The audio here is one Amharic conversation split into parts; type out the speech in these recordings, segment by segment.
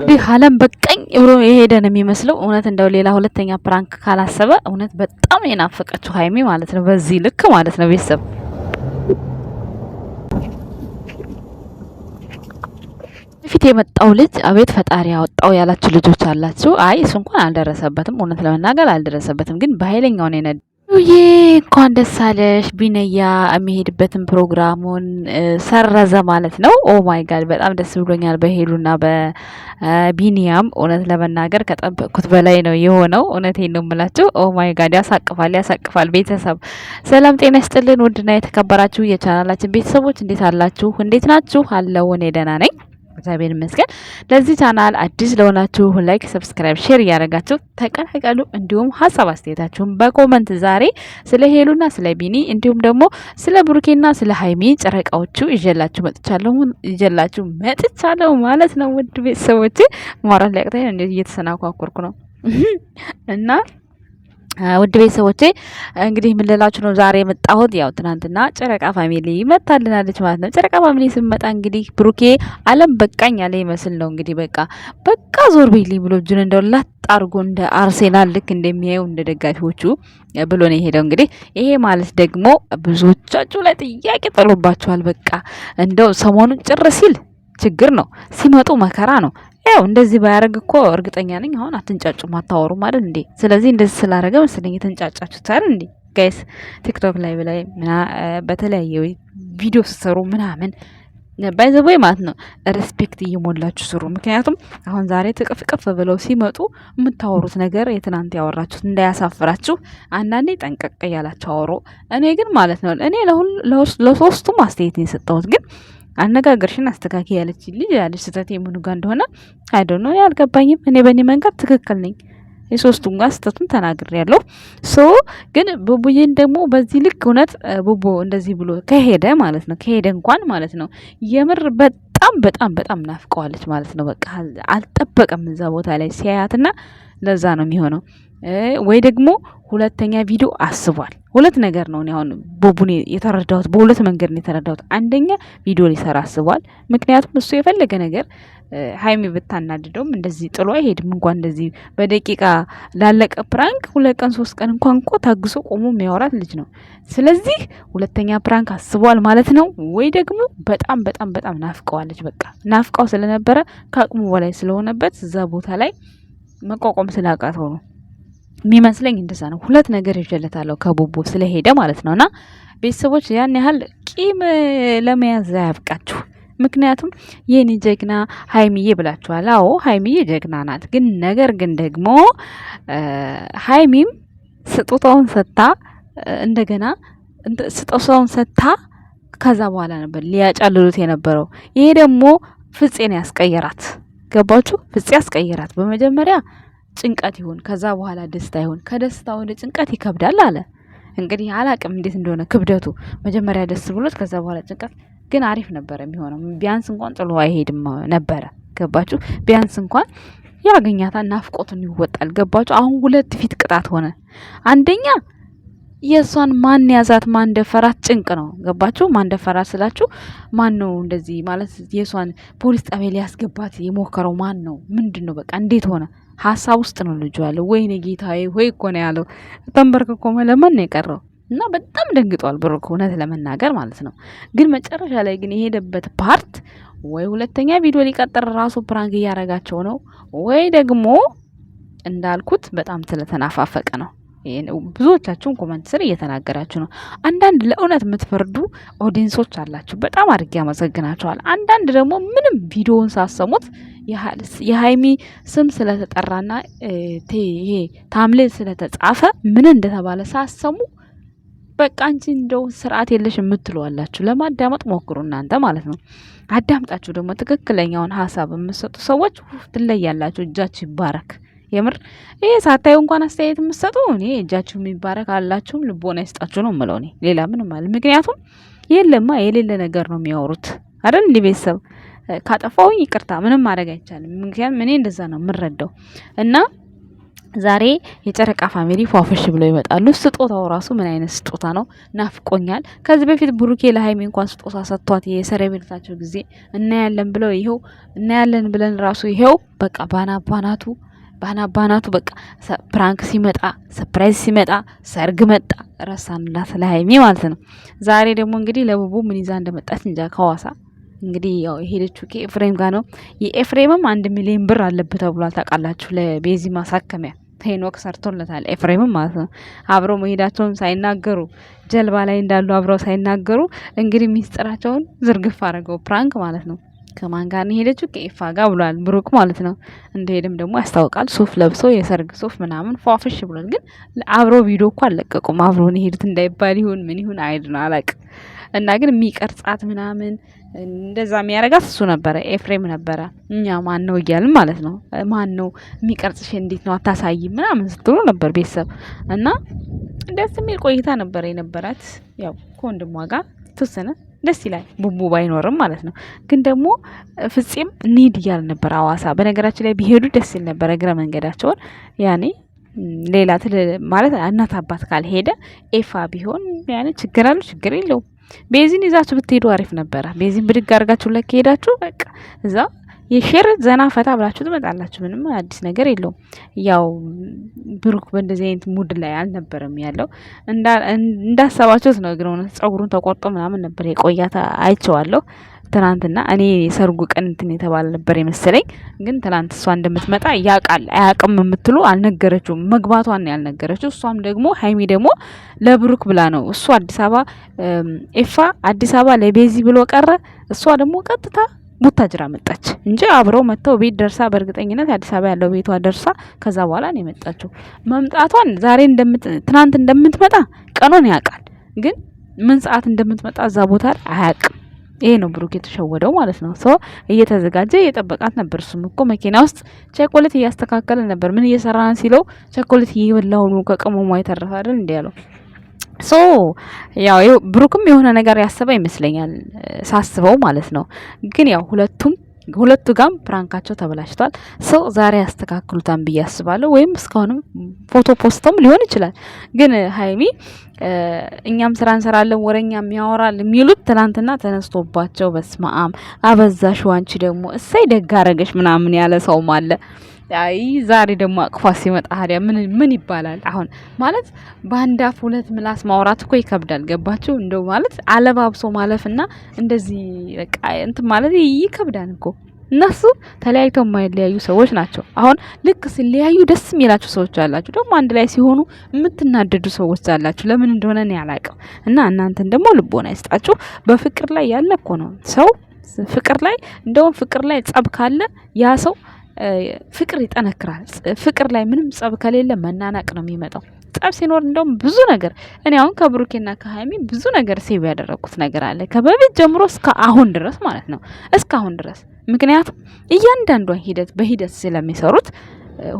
እንዲህ አለም በቀኝ ብሎ የሄደ ነው የሚመስለው። እውነት እንደው ሌላ ሁለተኛ ፕራንክ ካላሰበ እውነት በጣም የናፈቀችው ሀይሚ ማለት ነው። በዚህ ልክ ማለት ነው ቤተሰብ ፊት የመጣው ልጅ አቤት ፈጣሪ ያወጣው ያላችሁ ልጆች አላችሁ። አይ እሱ እንኳን አልደረሰበትም፣ እውነት ለመናገር አልደረሰበትም፣ ግን በኃይለኛው ነው ቡቡዬ እንኳን ደስ አለሽ። ቢነያ የሚሄድበትን ፕሮግራሙን ሰረዘ ማለት ነው። ኦ ማይ ጋድ በጣም ደስ ብሎኛል። በሄሉና በቢኒያም እውነት ለመናገር ከጠበቅኩት በላይ ነው የሆነው። እውነቴን ነው የምላቸው። ኦ ማይ ጋድ ያሳቅፋል፣ ያሳቅፋል። ቤተሰብ ሰላም ጤና ይስጥልን። ውድና የተከበራችሁ የቻናላችን ቤተሰቦች እንዴት አላችሁ? እንዴት ናችሁ? አለው እኔ ደህና ነኝ። እግዚአብሔር ይመስገን። ለዚህ ቻናል አዲስ ለሆናችሁ ላይክ፣ ሰብስክራይብ፣ ሼር እያደረጋችሁ ተቀላቀሉ። እንዲሁም ሀሳብ አስተያየታችሁን በኮመንት ዛሬ ስለ ሄሉና ስለ ቢኒ እንዲሁም ደግሞ ስለ ብሩኬና ስለ ሀይሚ ጨረቃዎቹ ይዤላችሁ መጥቻለሁ ይዤላችሁ መጥቻለሁ ማለት ነው። ውድ ቤተሰቦቼ ማውራት ሊያቅተኝ እየተሰናኳኮርኩ ነው እና ውድ ቤተሰቦቼ እንግዲህ የምንላችሁ ነው ዛሬ የመጣሁት። ያው ትናንትና ጨረቃ ፋሚሊ መታልናለች ማለት ነው። ጨረቃ ፋሚሊ ስመጣ እንግዲህ ብሩኬ አለም በቃኝ ያለ ይመስል ነው እንግዲህ በቃ በቃ ዞር ቢልኝ ብሎ እጁን እንደው ላጥ አድርጎ እንደ አርሴናል ልክ እንደሚያዩ እንደ ደጋፊዎቹ ብሎ ነው የሄደው። እንግዲህ ይሄ ማለት ደግሞ ብዙዎቻችሁ ላይ ጥያቄ ጥሎባችኋል። በቃ እንደው ሰሞኑን ጭር ሲል ችግር ነው፣ ሲመጡ መከራ ነው፣ ያው እንደዚህ ባያደርግ እኮ እርግጠኛ ነኝ አሁን አትንጫጩም፣ አታወሩም አይደል እንዴ? ስለዚህ እንደዚህ ስላደረገ መሰለኝ የተንጫጫችሁት አይደል እንዴ? ጋይስ ቲክቶክ ላይ ላይ በተለያየ ቪዲዮ ስሰሩ ምናምን ባይዘቦይ ማለት ነው ሬስፔክት እየሞላችሁ ስሩ። ምክንያቱም አሁን ዛሬ ትቅፍቅፍ ብለው ሲመጡ የምታወሩት ነገር የትናንት ያወራችሁት እንዳያሳፍራችሁ፣ አንዳንዴ ጠንቀቅ እያላችሁ አወሩ። እኔ ግን ማለት ነው እኔ ለሶስቱም አስተያየት የሰጠሁት ግን አነጋገርሽን አስተካኪ ያለች ልጅ ያለች ስህተት የምኑ ጋ እንደሆነ አይደኖ አልገባኝም። እኔ በእኔ መንገድ ትክክል ነኝ። የሶስቱን ጋር ስህተቱን ተናግር ያለው ሶ ግን ቡቡዬን ደግሞ በዚህ ልክ እውነት ቡቦ እንደዚህ ብሎ ከሄደ ማለት ነው ከሄደ እንኳን ማለት ነው የምር በጣም በጣም በጣም ናፍቀዋለች ማለት ነው። በቃ አልጠበቀም እዛ ቦታ ላይ ሲያያትና ለዛ ነው የሚሆነው። ወይ ደግሞ ሁለተኛ ቪዲዮ አስቧል። ሁለት ነገር ነው እኔ አሁን ቦቡን የተረዳሁት፣ በሁለት መንገድ ነው የተረዳሁት። አንደኛ ቪዲዮ ሊሰራ አስቧል። ምክንያቱም እሱ የፈለገ ነገር ሀይሚ ብታናድደውም እንደዚህ ጥሎ አይሄድም። እንኳን እንደዚህ በደቂቃ ላለቀ ፕራንክ ሁለት ቀን ሶስት ቀን እንኳን እኮ ታግሶ ቆሞ የሚያወራት ልጅ ነው። ስለዚህ ሁለተኛ ፕራንክ አስቧል ማለት ነው። ወይ ደግሞ በጣም በጣም በጣም ናፍቀዋለች። በቃ ናፍቀው ስለነበረ ከአቅሙ በላይ ስለሆነበት እዛ ቦታ ላይ መቋቋም ስላቃተው ነው የሚመስለኝ እንደዛ ነው። ሁለት ነገር ይዤለታለሁ ከቡቡ ስለሄደ ማለት ነውና ቤተሰቦች ያን ያህል ቂም ለመያዝ አያብቃችሁ። ምክንያቱም የኔ ጀግና ሀይሚዬ ብላችኋል። አዎ ሀይሚዬ ጀግና ናት። ግን ነገር ግን ደግሞ ሀይሚም ስጦታውን ሰጥታ እንደገና ስጦታውን ሰጥታ ከዛ በኋላ ነበር ሊያጫልሉት የነበረው። ይሄ ደግሞ ፍፄን ያስቀየራት ገባችሁ? ፍፄ ያስቀየራት በመጀመሪያ ጭንቀት ይሁን ከዛ በኋላ ደስታ ይሁን ከደስታ ወደ ጭንቀት ይከብዳል አለ። እንግዲህ አላቅም እንዴት እንደሆነ ክብደቱ። መጀመሪያ ደስ ብሎት ከዛ በኋላ ጭንቀት ግን አሪፍ ነበረ የሚሆነው። ቢያንስ እንኳን ጥሎ አይሄድም ነበረ። ገባችሁ? ቢያንስ እንኳን ያገኛታ ናፍቆቱን ይወጣል። ገባችሁ? አሁን ሁለት ፊት ቅጣት ሆነ። አንደኛ የእሷን ማን ያዛት ማን ደፈራት ጭንቅ ነው። ገባችሁ? ማን ደፈራት ስላችሁ ማን ነው እንደዚህ ማለት የእሷን ፖሊስ ጣቢያ ሊያስገባት የሞከረው ማን ነው? ምንድን ነው በቃ እንዴት ሆነ? ሀሳብ ውስጥ ነው ልጁ ያለው። ወይኔ ጌታዬ ወይ እኮ ነው ያለው። ተንበርክኮ መለመን ነው የቀረው። እና በጣም ደንግጧል ብሩክ፣ እውነት ለመናገር ማለት ነው። ግን መጨረሻ ላይ ግን የሄደበት ፓርት ወይ ሁለተኛ ቪዲዮ ሊቀጥር ራሱ ፕራንክ እያረጋቸው ነው፣ ወይ ደግሞ እንዳልኩት በጣም ስለተናፋፈቀ ነው። ብዙዎቻችሁን ኮመንት ስር እየተናገራችሁ ነው። አንዳንድ ለእውነት የምትፈርዱ ኦዲንሶች አላችሁ፣ በጣም አድርጌ ያመሰግናቸዋል አንዳንድ ደግሞ ምንም ቪዲዮውን ሳሰሙት የሀይሚ ስም ስለተጠራና ይሄ ታምሌል ስለተጻፈ ምን እንደተባለ ሳሰሙ በቃ አንቺ እንደው ስርዓት የለሽ የምትለዋላችሁ ለማዳመጥ ሞክሩ እናንተ ማለት ነው። አዳምጣችሁ ደግሞ ትክክለኛውን ሀሳብ የምትሰጡ ሰዎች ትለያላችሁ። እጃችሁ ይባረክ። የምር ይሄ ሳታዩ እንኳን አስተያየት የምትሰጡ እኔ እጃችሁ የሚባረክ አላችሁም ልቦና ይስጣችሁ ነው ምለው። እኔ ሌላ ምንም አለ። ምክንያቱም የለማ የሌለ ነገር ነው የሚያወሩት አይደል? እንዲህ ቤተሰብ ካጠፋውኝ ይቅርታ ምንም ማድረግ አይቻልም። ምክንያቱም እኔ እንደዛ ነው የምረዳው እና ዛሬ የጨረቃ ፋሚሊ ፏፈሽ ብለው ይመጣሉ። ስጦታው ራሱ ምን አይነት ስጦታ ነው? ናፍቆኛል። ከዚህ በፊት ብሩኬ ለሀይሚ እንኳን ስጦታ ሰጥቷት የሰረቤልታቸው ጊዜ እናያለን ብለው ይኸው እናያለን ብለን ራሱ ይኸው በቃ ባና ባናቱ ባናባናቱ በቃ ፕራንክ ሲመጣ ሰፕራይዝ ሲመጣ ሰርግ መጣ ረሳንላት ለሀይሚ ማለት ነው። ዛሬ ደግሞ እንግዲህ ለቡቡ ምን ይዛ እንደመጣች እንጃ። ከዋሳ እንግዲህ ያው የሄደችው ከኤፍሬም ጋር ነው። የኤፍሬምም አንድ ሚሊዮን ብር አለበት ተብሏል። ታውቃላችሁ፣ ለቤዚ ማሳከሚያ ሄኖክ ሰርቶለታል። ኤፍሬምም ማለት ነው። አብረው መሄዳቸውን ሳይናገሩ ጀልባ ላይ እንዳሉ አብረው ሳይናገሩ እንግዲህ ሚስጥራቸውን ዝርግፍ አድርገው ፕራንክ ማለት ነው። ከማን ጋር ነው ከኤፋ ጋር ብሏል ብሩክ ማለት ነው። እንደሄድም ደግሞ ያስታውቃል። ሱፍ ለብሶ የሰርግ ሱፍ ምናምን ፏፍሽ ብሏል። ግን አብሮ ቪዲዮ እኮ አልለቀቁም። አብሮ ነው የሄዱት እንዳይባል ይሁን ምን ይሁን አይድ ነው አላቅ እና ግን የሚቀርጻት ምናምን እንደዛ የሚያረጋት እሱ ነበረ፣ ኤፍሬም ነበረ። እኛ ማን ነው እያልን ማለት ነው። ማን ነው የሚቀርጽሽ? እንዴት ነው አታሳይም? ምናምን ስትሉ ነበር ቤተሰብ እና ደስ የሚል ቆይታ ነበረ የነበራት ያው ከወንድሟ ጋር ተወሰነ ደስ ይላል። ቡቡ ባይኖርም ማለት ነው። ግን ደግሞ ፍፄም እንሂድ እያል ነበር አዋሳ። በነገራችን ላይ ቢሄዱ ደስ ይል ነበር እግረ መንገዳቸውን ያኔ ሌላ ማለት እናት አባት ካልሄደ ኤፋ ቢሆን ያኔ ችግር አሉ ችግር የለውም። ቤዚን ይዛችሁ ብትሄዱ አሪፍ ነበረ። ቤዚን ብድግ አድርጋችሁ ለከሄዳችሁ በቃ እዛ የሼር ዘና ፈታ ብላችሁ ትመጣላችሁ። ምንም አዲስ ነገር የለውም። ያው ብሩክ በእንደዚህ አይነት ሙድ ላይ አልነበረም ያለው። እንዳሰባችሁት ነው ግን እውነት ጸጉሩን ተቆርጦ ምናምን ነበር የቆያታ አይቼዋለሁ። ትናንትና እኔ የሰርጉ ቀን እንትን የተባለ ነበር የመሰለኝ። ግን ትናንት እሷ እንደምትመጣ ያውቃል አያውቅም የምትሉ አልነገረችውም። መግባቷን ነው ያልነገረችው። እሷም ደግሞ ሀይሚ ደግሞ ለብሩክ ብላ ነው እሱ አዲስ አበባ ኤፋ አዲስ አበባ ለቤዚ ብሎ ቀረ። እሷ ደግሞ ቀጥታ ቡታጅራ መጣች እንጂ አብረው መጥተው ቤት ደርሳ በእርግጠኝነት አዲስ አበባ ያለው ቤቷ ደርሳ ከዛ በኋላ ነው የመጣችው። መምጣቷን ዛሬ ትናንት እንደምትመጣ ቀኖን ያውቃል፣ ግን ምን ሰዓት እንደምትመጣ እዛ ቦታ ላይ አያውቅም። ይሄ ነው ብሩክ የተሸወደው ማለት ነው። ሰው እየተዘጋጀ እየጠበቃት ነበር። እሱም እኮ መኪና ውስጥ ቸኮሌት እያስተካከለ ነበር። ምን እየሰራን ሲለው ቸኮሌት እየበላሁ ነው ከቅመሟ የተረፈ አይደል እንዲ ያለው ሶ ያው ብሩክም የሆነ ነገር ያሰበ ይመስለኛል ሳስበው ማለት ነው። ግን ያው ሁለቱም ሁለቱ ጋም ፕራንካቸው ተበላሽቷል። ሰው ዛሬ ያስተካክሉታን ብዬ አስባለሁ። ወይም እስካሁንም ፎቶ ፖስተም ሊሆን ይችላል። ግን ሀይሚ እኛም ስራ እንሰራለን ወረኛ ያወራል የሚሉት ትናንትና ተነስቶባቸው በስማአም አበዛሽ፣ ዋንቺ ደግሞ እሰይ ደግ አረገሽ ምናምን ያለ ሰውም አለ። አይ ዛሬ ደግሞ አቅፏ ሲመጣ ታዲያ ምን ምን ይባላል? አሁን ማለት በአንድ አፍ ሁለት ምላስ ማውራት እኮ ይከብዳል። ገባችሁ? እንደው ማለት አለባብሶ ማለፍና እንደዚህ በቃ እንትን ማለት ይከብዳል እኮ እነሱ ተለያይተው የማይለያዩ ሰዎች ናቸው። አሁን ልክ ሲለያዩ ደስ የሚላችሁ ሰዎች አላችሁ፣ ደግሞ አንድ ላይ ሲሆኑ የምትናደዱ ሰዎች አላችሁ። ለምን እንደሆነ እኔ አላቅም። እና እናንተን ደግሞ ልቦና ይስጣችሁ። በፍቅር ላይ ያለ እኮ ነው ሰው ፍቅር ላይ እንደውም ፍቅር ላይ ጸብ ካለ ያ ሰው ፍቅር ይጠነክራል። ፍቅር ላይ ምንም ጸብ ከሌለ መናናቅ ነው የሚመጣው። ጸብ ሲኖር እንደውም ብዙ ነገር እኔ አሁን ከብሩኬና ከሀይሚ ብዙ ነገር ሴብ ያደረግኩት ነገር አለ ከበፊት ጀምሮ እስከ አሁን ድረስ ማለት ነው እስከ አሁን ድረስ ምክንያቱም እያንዳንዷን ሂደት በሂደት ስለሚሰሩት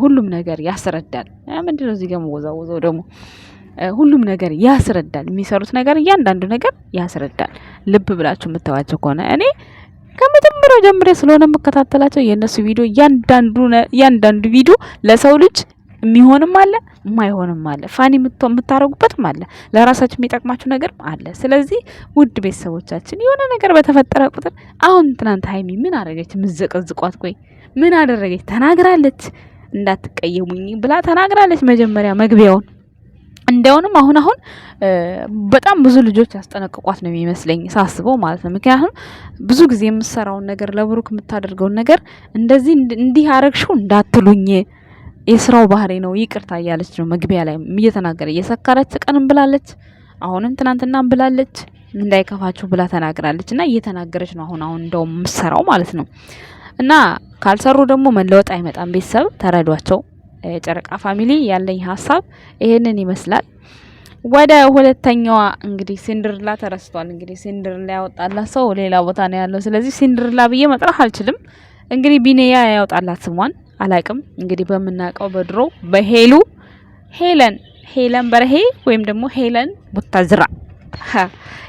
ሁሉም ነገር ያስረዳል። ምንድነው እዚህ ጋር መወዛወዘው ደግሞ ሁሉም ነገር ያስረዳል። የሚሰሩት ነገር እያንዳንዱ ነገር ያስረዳል። ልብ ብላችሁ የምታዋቸው ከሆነ እኔ ከመጀመሪያ ስለሆነ የምከታተላቸው የእነሱ ቪዲዮ እያንዳንዱ ቪዲዮ ለሰው ልጅ የሚሆንም አለ የማይሆንም አለ። ፋኒ የምታረጉበትም አለ። ለራሳችሁ የሚጠቅማችሁ ነገር አለ። ስለዚህ ውድ ቤተሰቦቻችን የሆነ ነገር በተፈጠረ ቁጥር አሁን ትናንት ሀይሚ ምን አደረገች? ምዘቀዝቋት ቆይ ምን አደረገች? ተናግራለች። እንዳትቀየሙኝ ብላ ተናግራለች። መጀመሪያ መግቢያውን እንደውንም አሁን አሁን በጣም ብዙ ልጆች ያስጠነቅቋት ነው የሚመስለኝ ሳስበው ማለት ነው። ምክንያቱም ብዙ ጊዜ የምሰራውን ነገር ለብሩክ የምታደርገውን ነገር እንደዚህ እንዲህ አረግሽው እንዳትሉኝ የስራው ባህሪ ነው ይቅርታ እያለች ነው መግቢያ ላይ እየተናገረ እየሰከረች ቀንም ብላለች፣ አሁንም ትናንትና ብላለች፣ እንዳይከፋችሁ ብላ ተናግራለች። እና እየተናገረች ነው አሁን አሁን እንደውም የምሰራው ማለት ነው። እና ካልሰሩ ደግሞ መለወጥ አይመጣም። ቤተሰብ ተረዷቸው። ጨረቃ ፋሚሊ ያለኝ ሀሳብ ይሄንን ይመስላል። ወደ ሁለተኛዋ እንግዲህ ሲንድርላ ተረስቷል። እንግዲህ ሲንድርላ ያወጣላት ሰው ሌላ ቦታ ነው ያለው። ስለዚህ ሲንድርላ ብዬ መጥራት አልችልም። እንግዲህ ቢኔያ ያወጣላት ስሟን አላቅም። እንግዲህ በምናውቀው በድሮ በሄሉ ሄለን ሄለን በረሄ ወይም ደግሞ ሄለን ቡታጅራ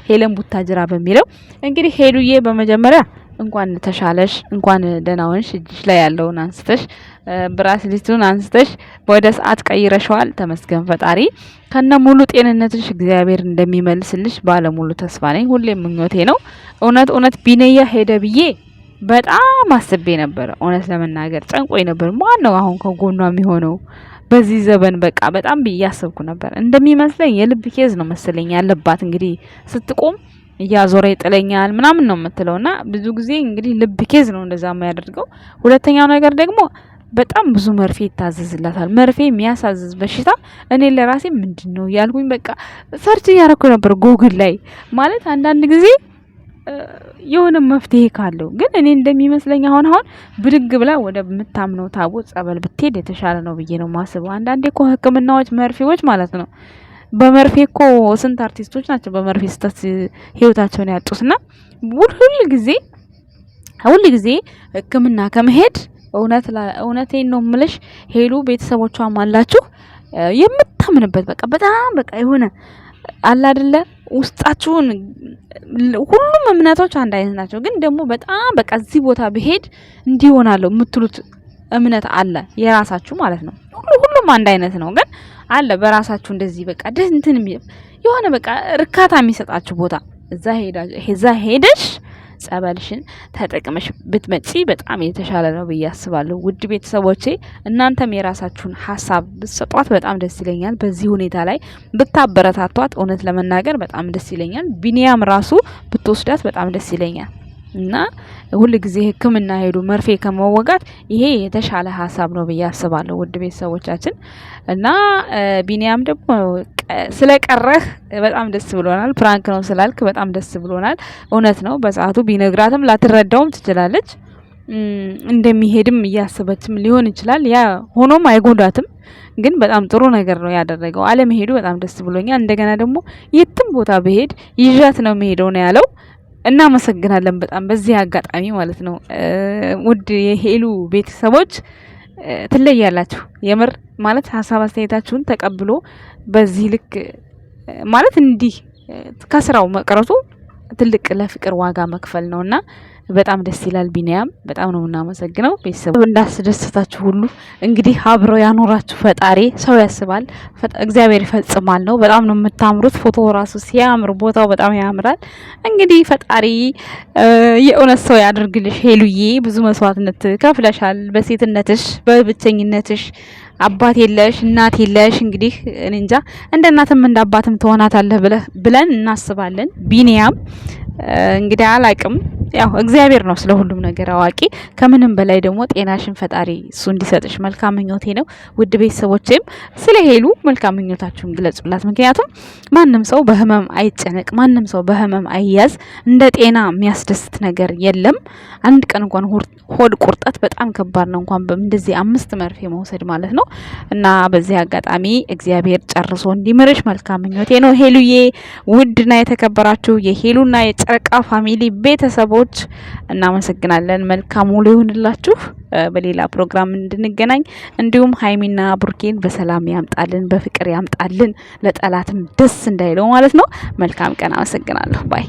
ሄለን ቡታጅራ በሚለው እንግዲህ ሄሉዬ በመጀመሪያ እንኳን ተሻለሽ፣ እንኳን ደህና ሆንሽ፣ እጅሽ ላይ ያለውን አንስተሽ ብራስሊቱን አንስተሽ ወደ ሰዓት ቀይረሽዋል። ተመስገን ፈጣሪ ከነ ሙሉ ጤንነትሽ እግዚአብሔር እንደሚመልስልሽ ባለሙሉ ተስፋ ነኝ። ሁሌም ምኞቴ ነው። እውነት እውነት ቢነያ ሄደ ብዬ በጣም አስቤ ነበር። እውነት ለመናገር ጨንቆኝ ነበር። ማን ነው አሁን ከጎኗ የሚሆነው? በዚህ ዘበን በቃ በጣም ብዬ አሰብኩ ነበር። እንደሚመስለኝ የልብ ኬዝ ነው መሰለኝ ያለባት። እንግዲህ ስትቆም እያዞረ ይጥለኛል ምናምን ነው የምትለው። እና ብዙ ጊዜ እንግዲህ ልብ ኬዝ ነው እንደዛ የሚያደርገው። ሁለተኛው ነገር ደግሞ በጣም ብዙ መርፌ ይታዘዝላታል። መርፌ የሚያሳዝዝ በሽታ እኔ ለራሴ ምንድን ነው እያልኩኝ በቃ ሰርች እያረኩ ነበር ጎግል ላይ ማለት አንዳንድ ጊዜ የሆነ መፍትሄ ካለው ግን እኔ እንደሚመስለኝ አሁን አሁን ብድግ ብላ ወደ ምታምነው ታቦት ጸበል ብትሄድ የተሻለ ነው ብዬ ነው ማስበው። አንዳንዴ እኮ ሕክምናዎች መርፌዎች ማለት ነው በመርፌ እኮ ስንት አርቲስቶች ናቸው በመርፌ ስህተት ህይወታቸውን ያጡትና ሁል ጊዜ ሁሉ ጊዜ ሕክምና ከመሄድ እውነት እውነቴን ነው ምልሽ ሄሉ ቤተሰቦቿም አላችሁ የምታምንበት በቃ በጣም በቃ የሆነ አለ አይደለ ውስጣችሁን ሁሉም እምነቶች አንድ አይነት ናቸው፣ ግን ደግሞ በጣም በቃ እዚህ ቦታ ብሄድ እንዲሆናለሁ የምትሉት እምነት አለ የራሳችሁ ማለት ነው። ሁሉም አንድ አይነት ነው፣ ግን አለ በራሳችሁ እንደዚህ በቃ እንትን የሆነ በቃ እርካታ የሚሰጣችሁ ቦታ እዛ እዛ ሄደሽ ጸበልሽን ተጠቅመሽ ብትመጪ በጣም የተሻለ ነው ብዬ አስባለሁ። ውድ ቤተሰቦቼ እናንተም የራሳችሁን ሀሳብ ብትሰጧት በጣም ደስ ይለኛል። በዚህ ሁኔታ ላይ ብታበረታቷት እውነት ለመናገር በጣም ደስ ይለኛል። ቢኒያም ራሱ ብትወስዳት በጣም ደስ ይለኛል። እና ሁል ጊዜ ሕክምና ሄዱ መርፌ ከመወጋት ይሄ የተሻለ ሀሳብ ነው ብዬ አስባለሁ። ውድ ቤተሰቦቻችን እና ቢኒያም ደግሞ ስለቀረህ በጣም ደስ ብሎናል። ፕራንክ ነው ስላልክ በጣም ደስ ብሎናል። እውነት ነው፣ በሰዓቱ ቢነግራትም ላትረዳውም ትችላለች። እንደሚሄድም እያሰበችም ሊሆን ይችላል። ያ ሆኖም አይጎዳትም። ግን በጣም ጥሩ ነገር ነው ያደረገው። አለመሄዱ በጣም ደስ ብሎኛል። እንደገና ደግሞ የትም ቦታ ብሄድ ይዣት ነው መሄደው ነው ያለው እናመሰግናለን በጣም በዚህ አጋጣሚ ማለት ነው። ውድ የሄሉ ቤተሰቦች ትለያላችሁ። የምር ማለት ሀሳብ አስተያየታችሁን ተቀብሎ በዚህ ልክ ማለት እንዲህ ከስራው መቅረቱ ትልቅ ለፍቅር ዋጋ መክፈል እና በጣም ደስ ይላል። ቢኒያም በጣም ነው የምናመሰግነው። ቤተሰቡ እንዳስደሰታችሁ ሁሉ እንግዲህ አብረው ያኖራችሁ ፈጣሪ። ሰው ያስባል እግዚአብሔር ይፈጽማል ነው። በጣም ነው የምታምሩት። ፎቶ ራሱ ሲያምር ቦታው በጣም ያምራል። እንግዲህ ፈጣሪ የእውነት ሰው ያደርግልሽ። ሄሉዬ ብዙ መስዋዕትነት ከፍለሻል በሴትነትሽ በብቸኝነትሽ አባት የለሽ እናት የለሽ። እንግዲህ እንጃ እንደ እናትም እንደ አባትም ትሆናታለህ ብለን እናስባለን። ቢኒያም እንግዲህ አላቅም ያው እግዚአብሔር ነው ስለ ሁሉም ነገር አዋቂ። ከምንም በላይ ደግሞ ጤናሽን ፈጣሪ እሱ እንዲሰጥሽ መልካም ምኞቴ ነው። ውድ ቤተሰቦቼም ስለ ሄሉ መልካም ምኞታችሁን ግለጹላት። ምክንያቱም ማንም ሰው በህመም አይጨነቅ፣ ማንም ሰው በህመም አይያዝ። እንደ ጤና የሚያስደስት ነገር የለም። አንድ ቀን እንኳን ሆድ ቁርጠት በጣም ከባድ ነው፣ እንኳን እንደዚህ አምስት መርፌ መውሰድ ማለት ነው። እና በዚህ አጋጣሚ እግዚአብሔር ጨርሶ እንዲምርሽ መልካም ምኞቴ ነው። ሄሉዬ ውድና የተከበራችሁ የሄሉና የጨረቃ ፋሚሊ ቤተሰቦች ሰዎች እናመሰግናለን። መልካም ውሎ ይሁንላችሁ። በሌላ ፕሮግራም እንድንገናኝ እንዲሁም ሀይሚና ብሩኬን በሰላም ያምጣልን፣ በፍቅር ያምጣልን፣ ለጠላትም ደስ እንዳይለው ማለት ነው። መልካም ቀን። አመሰግናለሁ ባይ